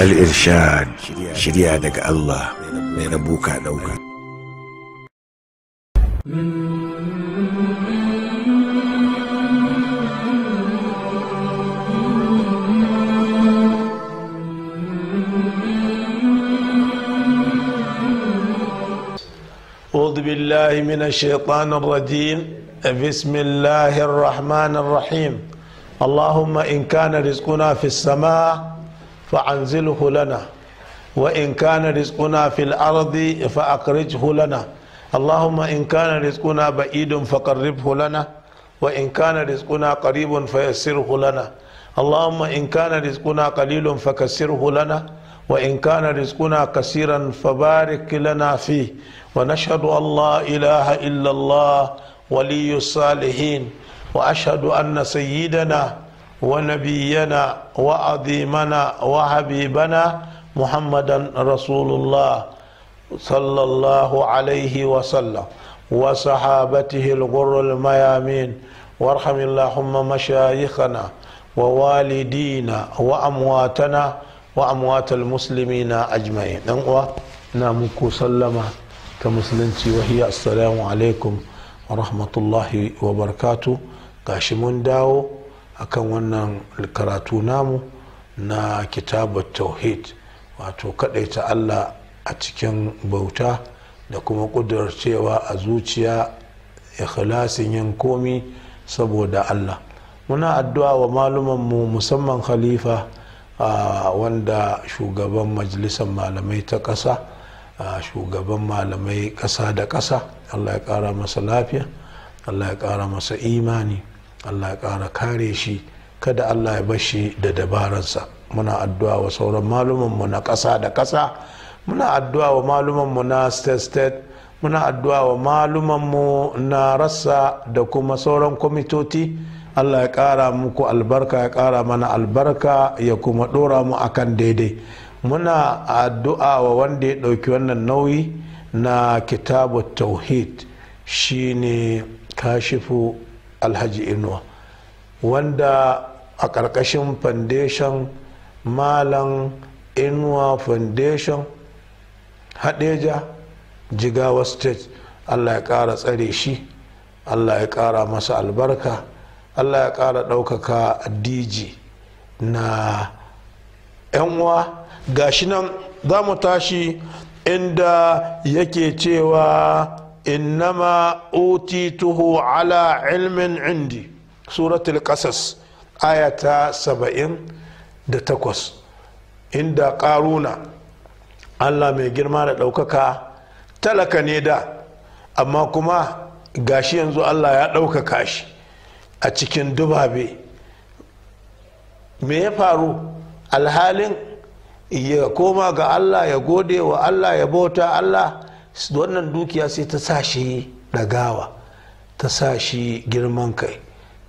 الإرشاد شريعة دك الله من أبوك أدوك أعوذ بالله من الشيطان الرجيم بسم الله الرحمن الرحيم اللهم إن كان رزقنا في السماء فأنزله لنا وإن كان رزقنا في الأرض فأخرجه لنا اللهم إن كان رزقنا بعيد فقربه لنا وإن كان رزقنا قريب فيسره لنا اللهم إن كان رزقنا قليل فكسره لنا وإن كان رزقنا كثيرا فبارك لنا فيه ونشهد أن لا إله إلا الله ولي الصالحين وأشهد أن سيدنا ونبينا وعظيمنا وحبيبنا محمدا رسول الله صلى الله عليه وسلم وصحابته الغر الميامين وارحم اللهم مشايخنا ووالدينا وأمواتنا وأموات المسلمين أجمعين نامكو نعم، سلم كمسلمتي وهي السلام عليكم ورحمة الله وبركاته قاشمون داو akan wannan karatu namu na kitabar tauhid wato kadaita allah a cikin bauta da kuma cewa a zuciya ikhlasin yin komi saboda allah muna addu'a wa mu musamman khalifa wanda shugaban majalisar malamai ta ƙasa shugaban malamai ƙasa da ƙasa allah ya ƙara masa lafiya allah ya ƙara masa imani allah ya ƙara kare shi kada allah ya bashi da dabararsa muna addu'a wa sauran malumanmu na ƙasa da ƙasa muna addu'a wa malumanmu na state state muna addu'a wa malumanmu na rassa da kuma sauran kwamitoti allah ya ƙara muku albarka ya ƙara mana albarka ya kuma ɗora mu akan daidai muna addu'a wa wanda ya ɗauki wannan nauyi na kitabu tauhid shine kashifu alhaji inuwa wanda a ƙarƙashin foundation malam inuwa foundation hadeja jigawa state allah ya ƙara tsare shi allah ya ƙara masa albarka allah ya ƙara ɗaukaka diji na yanwa ga shi nan za mu tashi inda yake cewa innama utituhu ala ilmin indi suratul qasas aya ta saba'in da takwas inda ƙaruna allah mai girma da ɗaukaka talaka ne da amma kuma gashi yanzu allah ya ɗaukaka shi a cikin dubabe me ya faru alhalin ya koma ga allah ya gode wa allah ya bauta allah wannan dukiya sai ta sa shi ɗagawa ta sa shi girman kai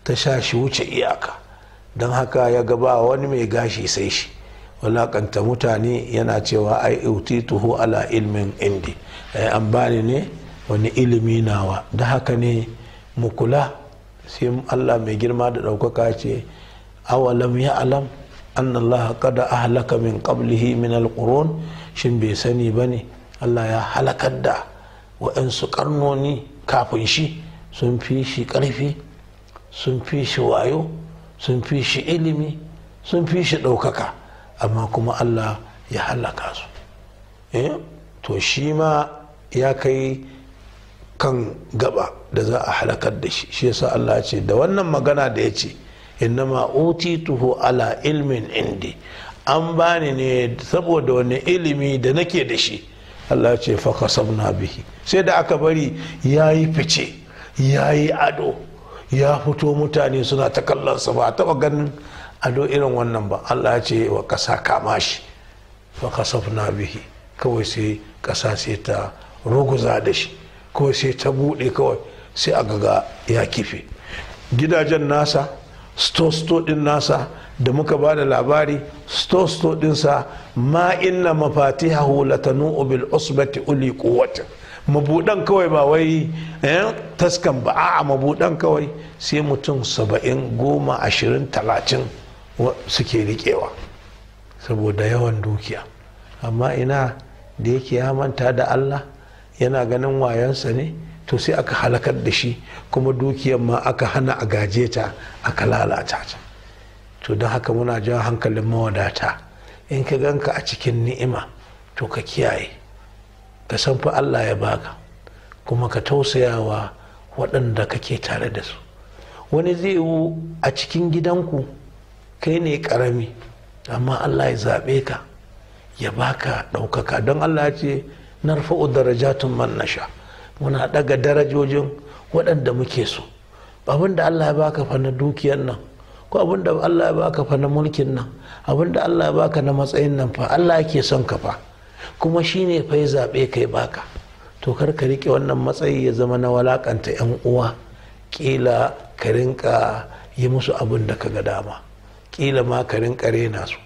ta sa shi wuce iyaka don haka ya gaba wani mai gashi sai shi walakanta mutane yana cewa ai tuho ala ilmin indi an bani ne wani ilimi nawa da haka ne mu kula sai allah mai girma da ɗaukaka ce awalam ya alam annallaha kada ahlaka min qablihi min alqurun shin bai sani bane allah ya halakar da waɗansu karnoni kafin shi sun fi shi ƙarfi sun fi shi wayo sun fi shi ilimi sun fi shi ɗaukaka amma kuma allah ya halaka su eh, to shi ma ya kai kan gaba da za a halakar da shi shi yasa allah ce da wannan magana da ya ce innama utituhu ala ilmin indi an bani ne saboda wani ilimi da nake da shi Allah ce faka sabna bihi sai da aka bari ya yi fice ya yi ado ya fito mutane suna ta kallonsa ba taba ganin ado irin wannan ba Allah ce wa kasa kama shi faka sabna bihi kawai sai ƙasa sai ta ruguza da shi kawai sai ta buɗe kawai sai a gaga ya kife gidajen nasa sto-sto din nasa da muka ba da labari sto-sto dinsa ma inna mafatiha latanu bil usbati uli quwwatin mabudan kawai ba wai eh, taskan ba a'a mabudan kawai sai mutum saba'in goma ashirin talatin suke riƙewa saboda yawan dukiya amma ina da yake ya manta da allah yana ganin wayansa ne to sai aka halakar da shi kuma dukiyar ma aka hana a gaje ta aka lalata ta to don haka muna jan hankalin mawadata in ka ganka a cikin ni'ima to ka kiyaye ka san fa Allah ya baka kuma ka tausayawa waɗanda kake tare da su wani zai yiwu a cikin gidanku kai ne ƙarami amma Allah ya zaɓe ka ya baka ɗaukaka don Allah ya ce narfa'u darajatun man nasha muna daga darajojin waɗanda muke so abin da allah ya baka fa na dukiyar nan ko abin da allah ya baka fa na mulkin nan abin da allah ya baka na matsayin nan fa allah yake son ka fa kuma shine fa ya zaɓe kai baka to kar ka riƙe wannan matsayi ya zama na walakanta 'yan uwa kila ka rinka yi musu abin da ka ga dama kila ma ka rinka rena su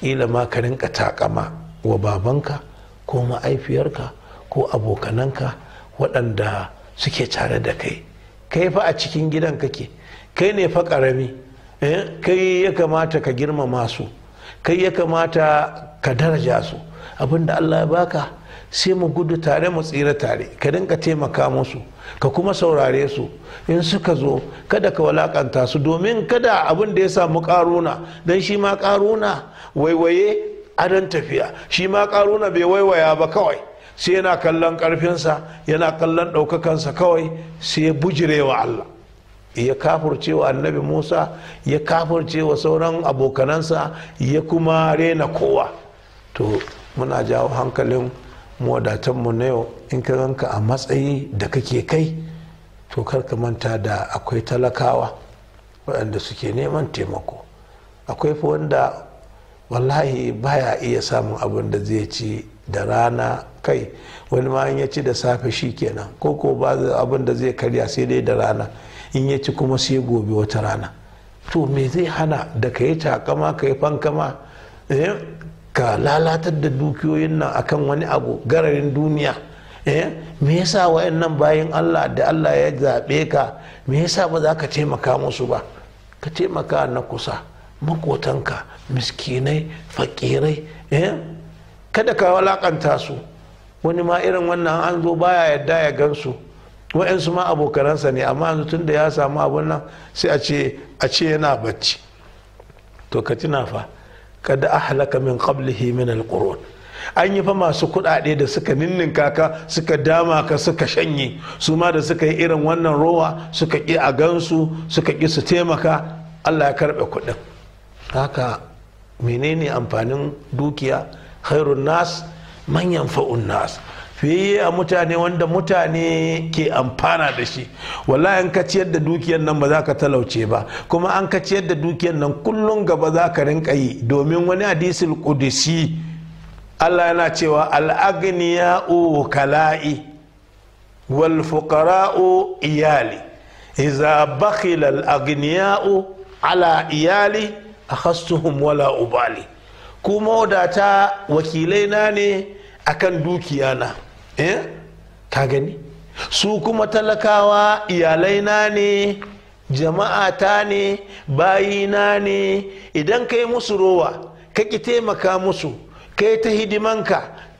kila ma ka rinka taƙama. wa babanka ko ma'aifiyarka ko abokananka waɗanda suke tare da kai kai fa a cikin gidan kake kai ne fa ƙarami eh, kai ya kamata ka girmama su kai ya kamata ka daraja su abinda allah ya baka sai mu gudu tare mu tsira tare ka dinka taimaka musu ka kuma saurare su in suka zo kada ka walakanta su domin kada abin da ya samu karuna don shi ma karuna waiwaye adon tafiya shi ma karuna bai waiwaya ba kawai sai yana kallon karfinsa yana kallon ɗaukakansa kawai sai ya wa Allah ya kafurcewa annabi Musa ya kafurcewa sauran abokanansa ya kuma rena kowa to muna jawo hankalin mu na yau in ka ranka a matsayi da kake kai to kar ka manta da akwai talakawa waɗanda suke neman taimako akwai wanda wallahi baya iya samun abin da zai ci da rana kai wani ma in ya ci da safe shi kenan ko ko ba abin da zai karya sai dai da rana in ya ci kuma sai gobe wata rana to me zai hana da ka yi takama ka yi fankama eh, ka lalatar da dukiyoyin nan akan wani abu gararin duniya eh, me yasa nan bayan Allah da Allah ya zaɓe ka me yasa ba za ka taimaka musu ba ka taimaka na kusa makotanka miskinai fakirai eh, kada ka walakanta su wani ma irin wannan an zo baya yadda ya gansu wa'yansu ma abokanansa ne amma yanzu tun da ya samu abun nan sai a ce a ce yana bacci to ka tuna fa kada ahlaka min qablihi min alqurun an yi fa masu kuɗaɗe da suka ninnin kaka suka dama ka suka shanye su ma da suka yi irin wannan rowa suka ƙi a gansu suka ƙi su taimaka allah ya karɓe kuɗin haka menene amfanin dukiya khairun nas manyan fa'un nas fiye a mutane wanda mutane ke amfana da shi wallahi an ka ciyar da dukiyar nan ba za ka talauce ba kuma an ka ciyar da dukiyar nan kullum gaba za ka rinka yi domin wani hadisul qudsi Allah yana cewa u kala'i wal u iyali idza bakhila al ala iyali akhastuhum wala ubali kuma wadata wakilai na ne akan dukiya na eh? gani su kuma talakawa iyalai na ne jama'a ta ne bayina ne idan kai musu rowa ka ki taimaka musu kai ta hidimanka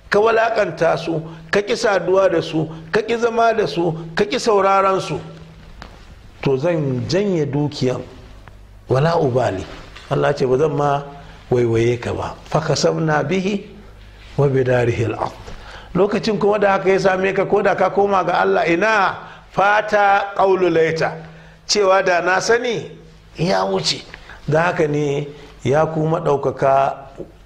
ka walakanta su ka ki saduwa da su ka ki zama da su ka ki sauraron su to zan janye dukiyan wala ubali Allah ce ba zan ma waiwaye ka ba na bihi wa bidarihi al lokacin kuma da haka ya same ka ko da ka koma ga Allah ina fata qaulu laita cewa da na sani ya wuce da haka ne ya kuma ɗaukaka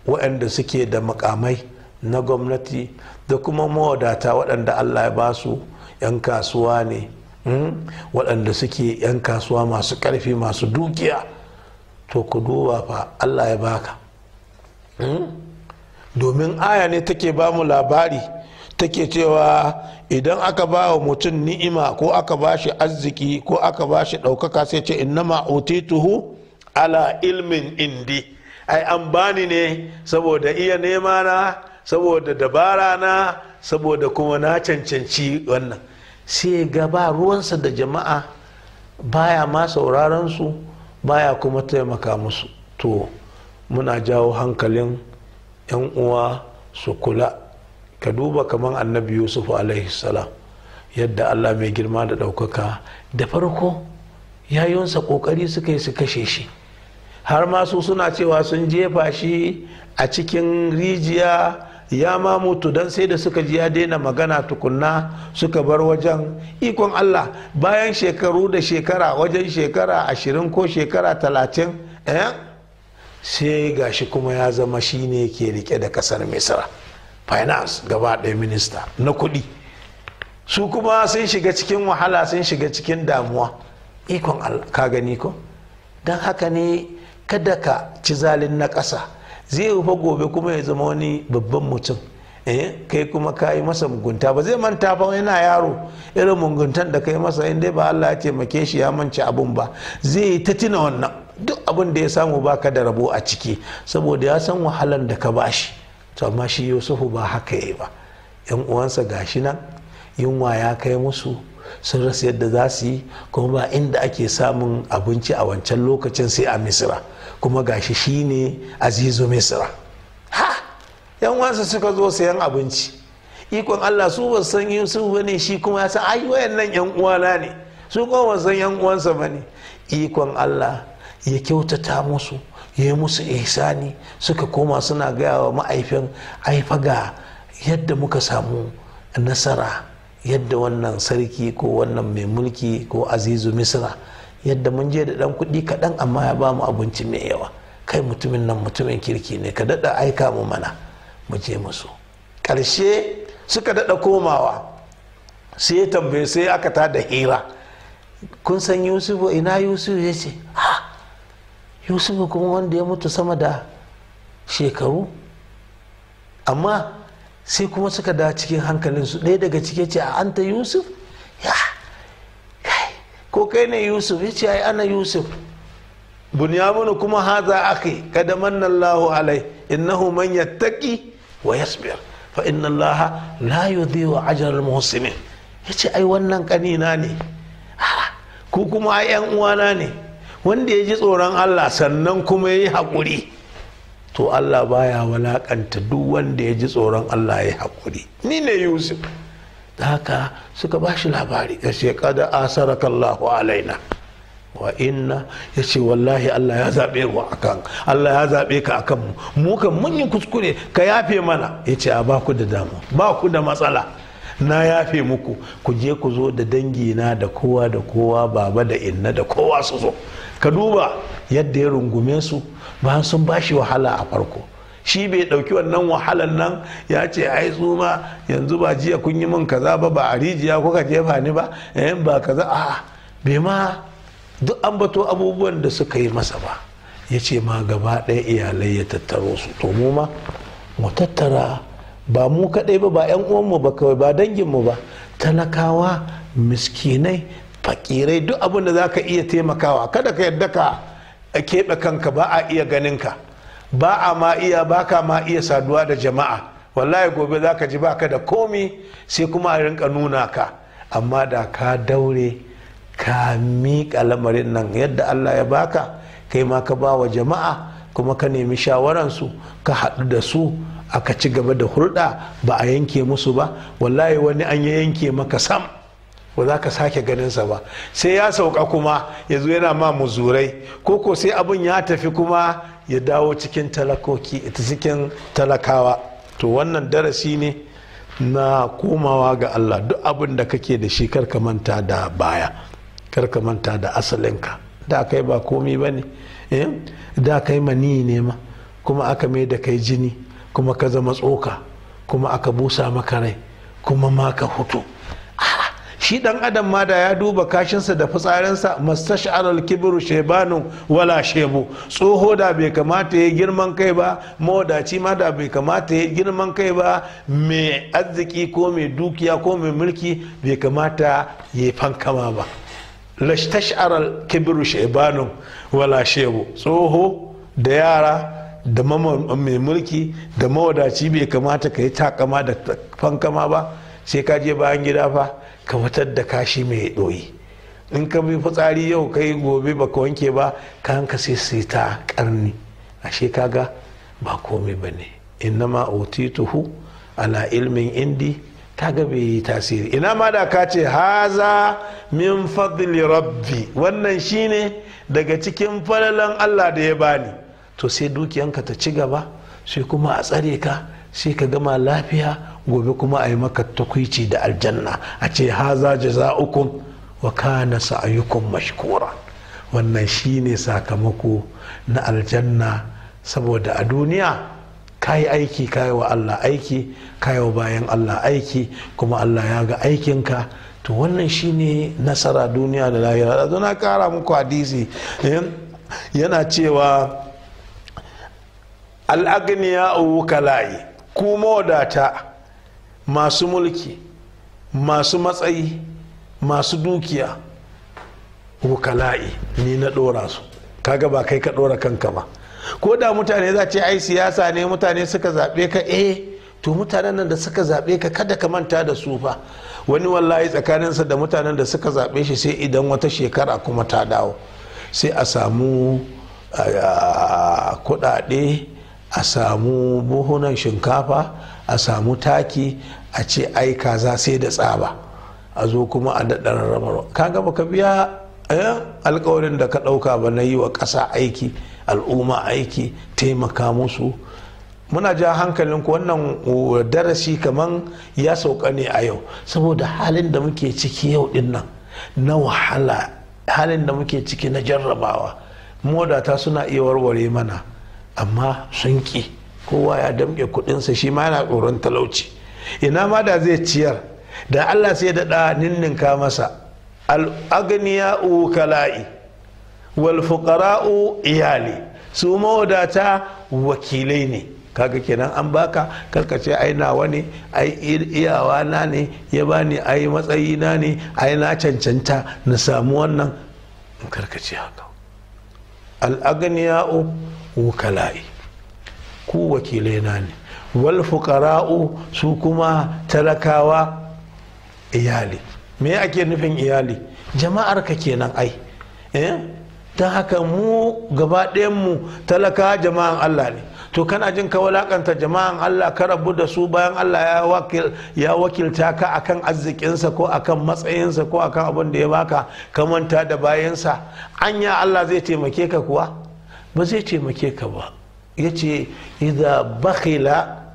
waɗanda suke da makamai na gwamnati da kuma mawadata waɗanda Allah ya ba su 'yan kasuwa ne hmm? waɗanda suke 'yan kasuwa masu ƙarfi masu dukiya to ku duba fa allah ya baka hmm? domin aya ne take ba mu labari take cewa idan aka ba wa mutum ni'ima ko aka ba shi arziki ko aka ba shi ɗaukaka sai ce innama tuhu ala ilmin indi ai an bani ne saboda iya nema na saboda dabara na saboda kuma na cancanci wannan sai ga ba ruwansa da jama'a baya ma sauraron su baya kuma taimaka musu to muna jawo hankalin 'yan uwa su kula ka duba kamar annabi yusuf salam yadda allah mai girma da ɗaukaka da farko yayinsa ƙoƙari suka yi su kashe shi har ma su suna cewa sun jefa shi a cikin rijiya ya ma mutu dan sai da suka ji ya daina magana tukunna suka bar wajen ikon Allah bayan shekaru da shekara wajen shekara ashirin ko shekara talatin eh sai gashi kuma ya zama shi ne ke rike da kasar misra finance gaba ɗaya minista na kuɗi su kuma sun shiga cikin wahala sun shiga cikin damuwa ikon Allah ka gani ko don haka ne kada ka ci zalin na ƙasa zai rufe gobe kuma ya zama wani babban mutum eh kai kuma ka yi masa mugunta ba zai manta ba yana yaro irin muguntan da kai masa in dai ba Allah ya taimake shi ya mance abun ba zai yi ta tuna wannan duk abin da ya samu ba ka da rabo a ciki saboda ya san wahalan da ka bashi to amma shi Yusufu ba haka yayi ba yan uwansa gashi nan yunwa ya kai musu sun rasa yadda za su yi kuma ba inda ake samun abinci a wancan lokacin sai a misira kuma gashi shine azizu misira ha yan wasa suka zo sayan abinci ikon allah su ba san yusuf ba ne shi kuma ya san ai wayannan yan uwana ne su kuma ba san yan uwansa ba ne ikon allah ya kyautata musu ya yi musu ihsani suka koma suna gaya wa ma'aifin aifa ga yadda muka samu nasara yadda wannan sarki ko wannan mai mulki ko azizu misra yadda mun je da ɗan kuɗi kaɗan amma ya ba mu abinci mai yawa kai mutumin nan mutumin kirki ne ka daɗa aika mu mana mu je musu ƙarshe suka daɗa komawa sai ya tambaye sai aka ta da hira kun san yusufu ina yusufu ya ce ha yusufu kuma wanda ya mutu sama da shekaru amma sai kuma suka da cikin hankalinsu ɗaya daga cike ce a anta yusuf ya ko kai ne yusuf ya ce ai ana yusuf bunyaminu kuma haza ake kada manna allahu alai innahu man yattaqi wa yasbir fa inna allah la yudhi'u ajral muhsinin yace ai wannan kanina ne ku kuma ai yan uwana ne wanda ya ji tsoron allah sannan kuma ya yi haƙuri to Allah baya walakanta duk wanda ya ji tsoron Allah ya haƙuri ni ne Yusuf da haka suka ba shi labari ya ce kada asaraka alaina wa inna ya ce wallahi Allah ya zaɓe wa akan Allah ya zaɓe ka akan mu mu kan mun yi kuskure ka yafe mana ya ce a ba ku da dama ba ku da matsala na yafe muku ku je ku zo da dangi na da kowa da kowa baba da inna da kowa su zo ka duba yadda ya rungume su bayan sun ba shi wahala a farko shi bai ɗauki wannan wahalan nan ya ce ai tsuma yanzu ba jiya kun yi min kaza ba ba a rijiya ko kuka jefa ni ba yayin eh, ba kaza a bai ma duk an bato abubuwan da suka yi masa ba ya ce ma gaba ɗaya iyalai ya tattaro su to mu ma mu tattara ba mu kaɗai ba ba 'yan uwanmu ba kawai ba danginmu ba talakawa miskinai fakirai duk abin da za ka iya taimakawa kada ka yadda ka keɓe kanka ba a iya ganin ka ba a ma iya ba ka ma iya saduwa da jama'a wallahi gobe za ka ji ba ka da komi sai kuma a rinka nuna ka amma da ka daure ka miƙa lamarin nan yadda allah ya baka kai ma ka ba wa jama'a kuma ka nemi shawaransu ka haɗu da su aka ci gaba da hulɗa ba a yanke musu ba wallahi wani an ya yanke maka sam ba za ka sake ganin sa ba sai ya sauka kuma ya zo yana ma muzurai ko ko sai abin ya tafi kuma ya dawo cikin talakoki cikin talakawa to wannan darasi ne na komawa ga Allah duk abin da kake da shi karka manta da baya karka manta da asalinka da kai ba komi ba ne eh? da kai mani ne ma kuma aka mai da kai jini kuma ka zama tsoka kuma aka busa maka rai kuma ma ka hutu shi dan adam ma da ya duba kashinsa da fitsarinsa alal kibru shebanu wala shebu tsoho da bai kamata ya girman kai ba mawadaci ma da bai kamata ya girman kai ba mai arziki ko mai dukiya ko mai mulki bai kamata ya fankama ba alal kibru shebanu wala shebu tsoho da yara da mai mulki da mawadaci bai kamata ka yi takama da fankama ba sai ka je bayan gida fa ka fitar da kashi mai ɗoyi in ka bi fitsari yau kai gobe ba ka wanke ba ka hanka sai sai ta karni a kaga ba komai ba ne ma otituhu ala ilmin indi ta bai yi tasiri ina ma da ka ce haza min fadli rabbi wannan shine daga cikin falalan allah da ya bani to sai dukiyanka ta ci gaba sai kuma a tsare ka sai ka gama lafiya gobe kuma a yi maka takwici da aljanna a ce haza uku wa kana sa'ayukum mashkura wannan shine sakamako na aljanna saboda a duniya kayi aiki kayi wa Allah aiki kayi wa bayan Allah aiki kuma Allah ya ga aikinka to wannan shine nasara duniya da lahira da na kara muku hadisi yana cewa al'agniya'u kala'i kuma wadata masu mulki masu matsayi masu dukiya wukala'i ni na ɗora su kaga ba kai ka ɗora kanka ba ko da mutane za ce ai siyasa ne mutane suka zaɓe ka eh to mutanen nan da suka zaɓe ka kada ka manta da su fa wani wallahi tsakaninsa da mutanen da suka zaɓe shi sai idan wata shekara kuma ta dawo sai a samu kuɗaɗe a samu buhunan shinkafa a samu taki a ce aika za sai da tsaba a zo kuma a daɗa ka gaba ka biya eh, alkawarin da ka ɗauka ba na yi wa ƙasa aiki al'umma aiki taimaka musu muna ja hankalin ku wannan uh, darasi kaman ya sauka ne a yau saboda halin da muke ciki yau din nan na wahala halin da muke ciki na jarrabawa modata suna iya warware mana amma sun ƙi. kowa ya damƙe kuɗinsa shi ma yana tsoron talauci ina ma da zai ciyar da allah sai daɗa ninninka masa al'agniya'u kala'i wal fuqara'u iyali su mawadata wakilai ne kaga kenan an baka karkace ai nawa ne ai iyawa na ne ya bani ai matsayi na ne ai na cancanta na samu wannan karkace haka al'agniya'u wukala'i ku wakilai na ne wal fuqara'u su kuma talakawa iyali me ake nufin iyali jama'ar ka kenan ai eh ta haka mu gaba mu talaka jama'an Allah ne to kana jin ka walakanta jama'an Allah ka rabu da su bayan Allah ya wakilta ka akan arzikinsa ko akan matsayinsa ko akan abin da ya baka ka manta da bayansa anya Allah zai taimake ka kuwa ba zai taimake ka ba ya ce idan bakila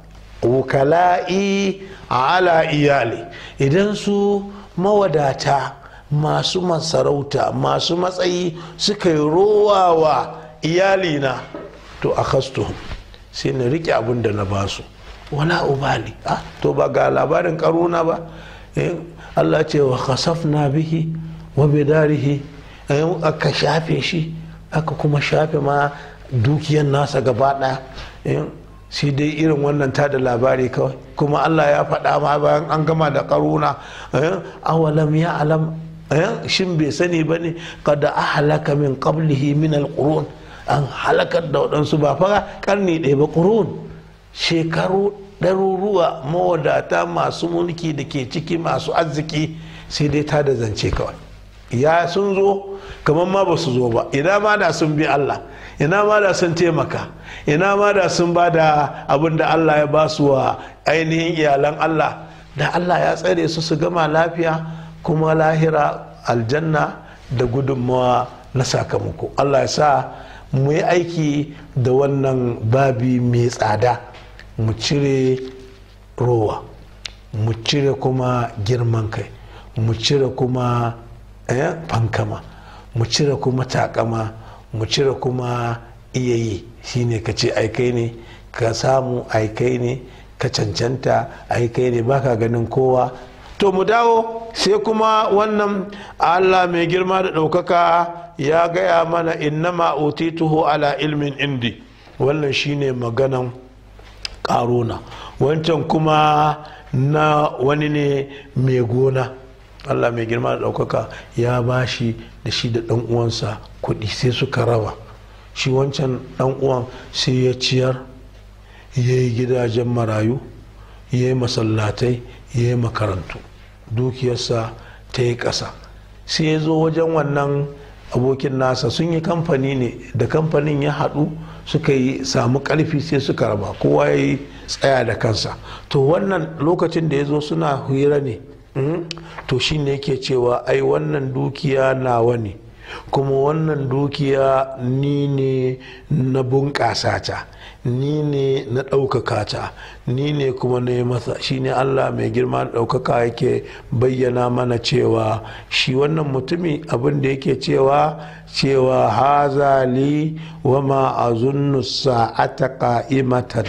wukala'i ala iyali idan su mawadata masu masarauta masu matsayi suka yi rowa wa iyalina to a kastuhun sai na rike abin da na basu wala ubali ah, to ba ga labarin karuna ba eh, Allah ce wa na bihi wa bidarihi eh, aka shafe shi aka kuma shafe ma Dukiyan nasa gaba ɗaya eh, sai dai irin wannan ta da labari kawai kuma allah ya faɗa ma bayan an gama da ƙaruna eh, awalam ya alam eh, shin bai sani ba ne kada a halaka min ƙablihi min alqurun an halakar da waɗansu ba fara ƙarni ɗaya ba ƙurun shekaru ɗaruruwa mawadata masu mulki da ke ciki masu arziki sai dai ta da zance kawai ya sun zo kamar ma ba su zo ba idan ma da sun bi allah ina ma da sun taimaka ina ma da sun ba da abin da allah ya ba su wa ainihin iyalan allah da allah ya tsare su su gama lafiya kuma lahira aljanna da gudunmawa na sakamako allah ya sa mu yi aiki da wannan babi mai tsada mu cire rowa mu cire kuma girman kai mu cire kuma eh, fankama mu cire kuma takama mu cire kuma iya yi shine ka ce aikai ne ka samu aikai ne ka cancanta aikai ne baka ganin kowa to mu dawo sai kuma wannan allah mai girma da ɗaukaka ya gaya mana innama tuho ala ilmin indi wannan shine maganan ƙaruna wancan kuma na wani ne mai gona allah mai girma da ɗaukaka ya ba shi da shi da ɗan uwansa kuɗi sai suka raba shi wancan ɗan uwan sai ya ciyar ya yi gidajen marayu ya yi masallatai ya yi makarantu dukiyarsa ta yi ƙasa sai ya zo wajen wannan abokin nasa sun yi kamfani ne da kamfanin ya haɗu suka yi samu ƙarfi sai suka raba kowa ya yi tsaya da kansa to wannan lokacin da ya zo suna hira ne to shi ne yake cewa ai wannan dukiya nawa ne kuma wannan dukiya ni ne na bunƙasa ta ni ne na ɗaukaka ta ni ne kuma na yi masa shi ne allah mai girma ɗaukaka yake bayyana mana cewa shi wannan mutumin abin da yake cewa cewa hazali wa ma'azunnu sa'ata ka'imatan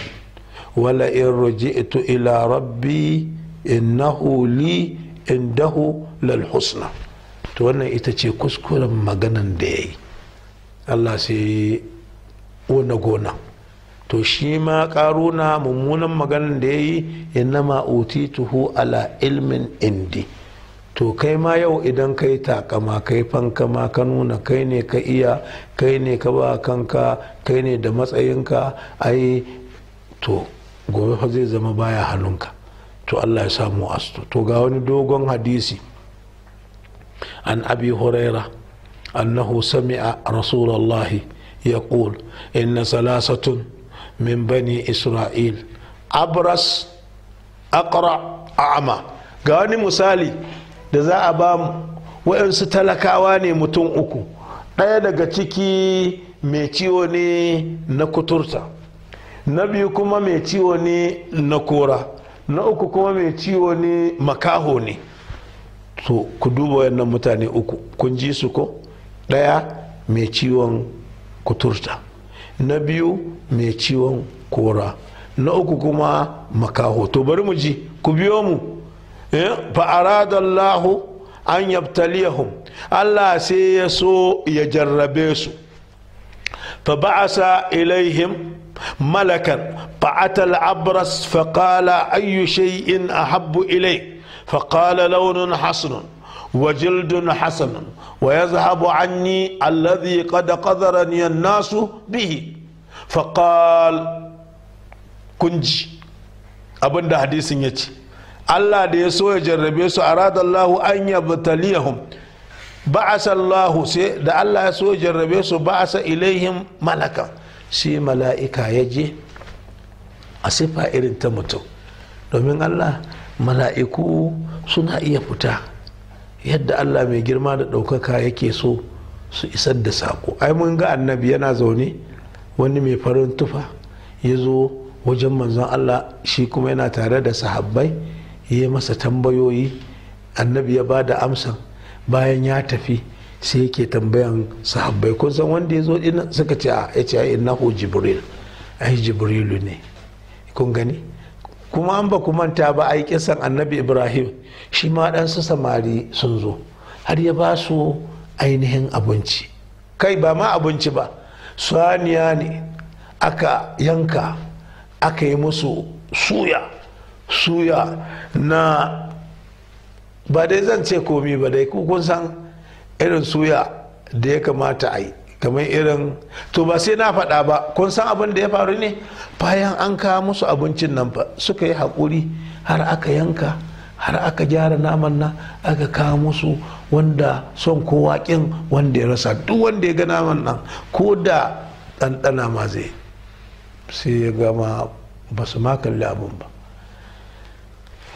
wala in ila rabbi innahu li indahu lal husna to wannan ita ce kuskuren maganan da ya yi allah sai ona gona to shi ma karuna mummunan maganan da ya yi innama utituhu ala ilmin indi to kai ma yau idan kai takama kai fankama ka nuna kai ne ka iya kai ne ka ba kanka kai ne da matsayinka ai to gobe fa zai zama baya hannunka to allah ya samu astu to ga wani dogon hadisi an abi huraira annahu sami'a rasulallahi yaqul inna salasatun min bani isra'il abras aqra a'ma ga wani misali da za a ba mu waɗansu talakawa ne mutum uku ɗaya daga ciki mai ciwo ne na kuturta na biyu kuma mai ciwo ne na kora na uku kuma mai ciwo ne makaho ne to ku duba wannan mutane uku kun ji su ko ɗaya mai ciwon kuturta na biyu mai ciwon kora na uku kuma makaho to bari mu ji ku biyo mu eh, Fa fa'aradallahu an yabtaliyahum Allah sai ya so ya jarrabe su fa ba'asa ilaihim ملكا فأتى العبرس فقال أي شيء أحب إليك فقال لون حسن وجلد حسن ويذهب عني الذي قد قذرني الناس به فقال كنج abin da hadisin ya ci. allah da ya so ya jarrabe su a radallahu an yabtaliyahum ba'asa allahu sai da allah ya so ya jarrabe su ba'asa ilaihim malakan shi mala'ika ya je a sifa irin ta mutum domin allah mala'iku suna iya fita yadda allah mai girma da ɗaukaka yake so su isar da saƙo ai mun ga annabi yana zaune wani mai farin tufa ya zo wajen manzon allah shi kuma yana tare da sahabbai ya yi masa tambayoyi annabi ya ba da amsa bayan ya tafi sai yake tambayan sahabbai kun san wanda ya zo ina suka ce a ah, ya ce ina innahu jibril ai jibrilu ne kun gani kuma an ba ku manta ba ai kisan annabi ibrahim shi ma dan su samari sun zo har ya ba su ainihin abinci kai ba ma abinci ba saniya ne aka yanka aka yi musu suya suya na ba dai zan ce komi ba dai kun san irin suya da ya kamata a yi kamar irin to ba sai na faɗa ba kun san abin da ya faru ne bayan an kawo musu abincin nan fa suka yi haƙuri har aka yanka har aka gyara naman nan aka kawo musu wanda son kowa wanda ya rasa duk wanda ya ga naman nan ko da ɗanɗana ma zai sai ya gama ba su ma kalli abin ba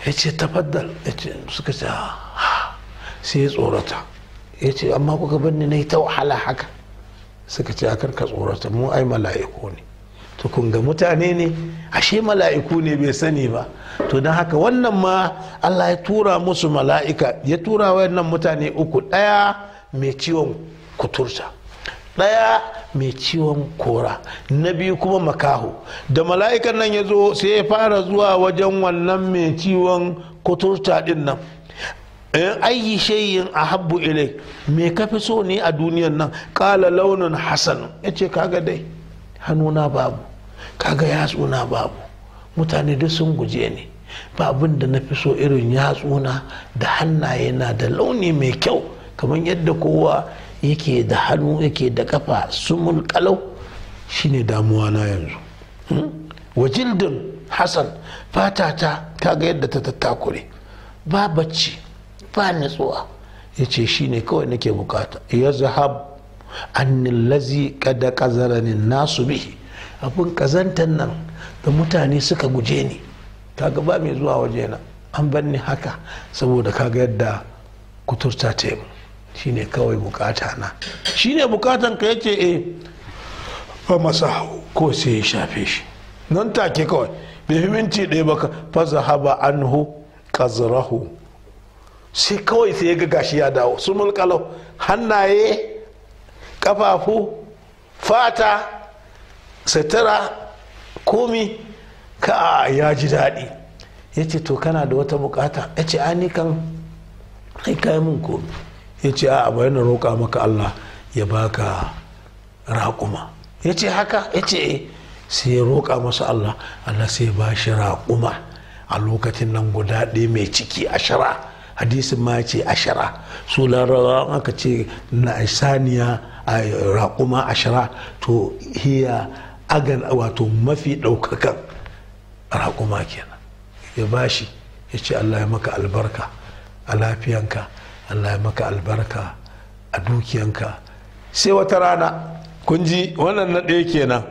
ya ce tafaddal ya ce suka ce ah, sai ya tsorata ya ce amma kuka banni na yi ta wahala haka suka ce akar ka tsorata mu ai mala'iku ne to kun ga mutane ne ashe mala'iku ne bai sani ba to don haka wannan ma allah ya tura musu mala'ika ya tura wayannan mutane uku ɗaya mai ciwon kuturta ɗaya mai ciwon kora na biyu kuma makaho da mala'ikan nan ya zo sai ya fara zuwa wajen wannan mai ciwon kuturta ɗin nan in eh, ayi shayin a habbu ilai me ka fi so ne a duniyan nan kala launin hasan ya ce kaga dai hannuna babu kaga yatsuna babu mutane duk sun guje ne ba da na fi so irin yatsuna da hannaye na da launi mai kyau kamar yadda kowa yake da hannu yake da kafa sumul kalau shine damuwa na yanzu hmm? wajildin Hassan fata ta kaga yadda ta tattakure ba bacci ba nutsuwa ya ce shi ne kawai nake bukata ya zahab annin lazi kada kazaranin nasu bihi abin kazantar nan da mutane suka guje ni kaga ba mai zuwa wajena an ban ni haka saboda kaga yadda kuturta ta yi shi ne kawai bukata na shi ne bukatan ka yace e eh, fa masa ko sai ya shafe shi nan take kawai bai minti ɗaya ba fa zahaba anhu kazrahu sai kawai sai ya ga gashi ya dawo su mulkalau hannaye kafafu fata sutura komi ka ya ji daɗi ya ce to kana da wata bukata ya ce ani kan kai mun komi ya ce a yana roƙa maka allah ya baka raƙuma ya ce haka ya ce eh. sai ya roƙa masu allah allah sai ba shi raƙuma a lokacin nan guda ɗaya mai ciki a shara hadisin ma ce ashira su larawa aka ce na saniya a raƙuma ashira to hiya agan wato mafi ɗaukakan raƙuma kenan ya bashi ya ce allah ya maka albarka a lafiyanka allah ya maka albarka a dukiyanka sai wata rana kun ji wannan na ɗaya kenan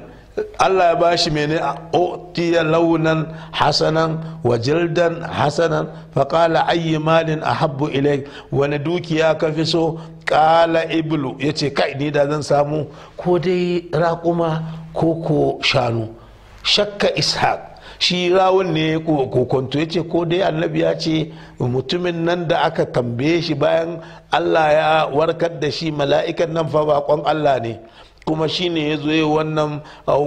Allah ya bashi mene a utiya launan hasanan wa jildan hasanan faƙala ayyi malin a habbu ilai wani dukiya ka fi so ƙala iblu ya ce kai ni da zan samu ko dai raƙuma ko ko shanu shakka ishaq shi rawun ne kokonto ya ce ko dai annabi ya ce mutumin nan da aka tambaye shi bayan allah ya warkar da shi mala'ikan nan fa bakon allah ne kuma shine ya zo wannan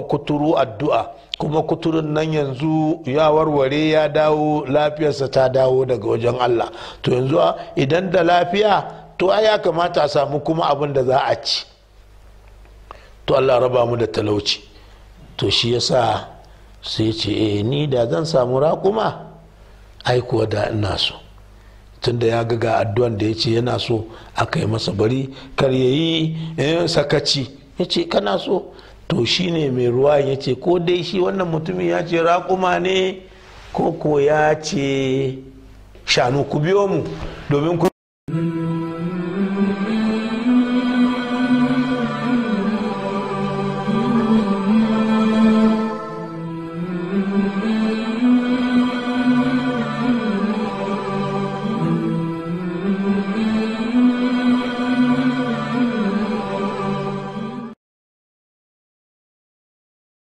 kuturu addu'a kuma kuturun nan yanzu ya warware ya dawo lafiyarsa ta dawo daga wajen allah to yanzu idan da lafiya to ya kamata a samu kuma abin da za a ci to allah raba mu da talauci to shi yasa sai ce eh ni da zan samu raƙuma ai kuwa da ina so tunda ya ga addu'an da ya ce yana so aka yi masa bari kar ya yi eh, sakaci ya ce kana so to shi ne mai ruwa ya ce ko dai shi wannan mutumin ya ce raƙuma ne ko ko ya ce shanu ku biyo mu domin ku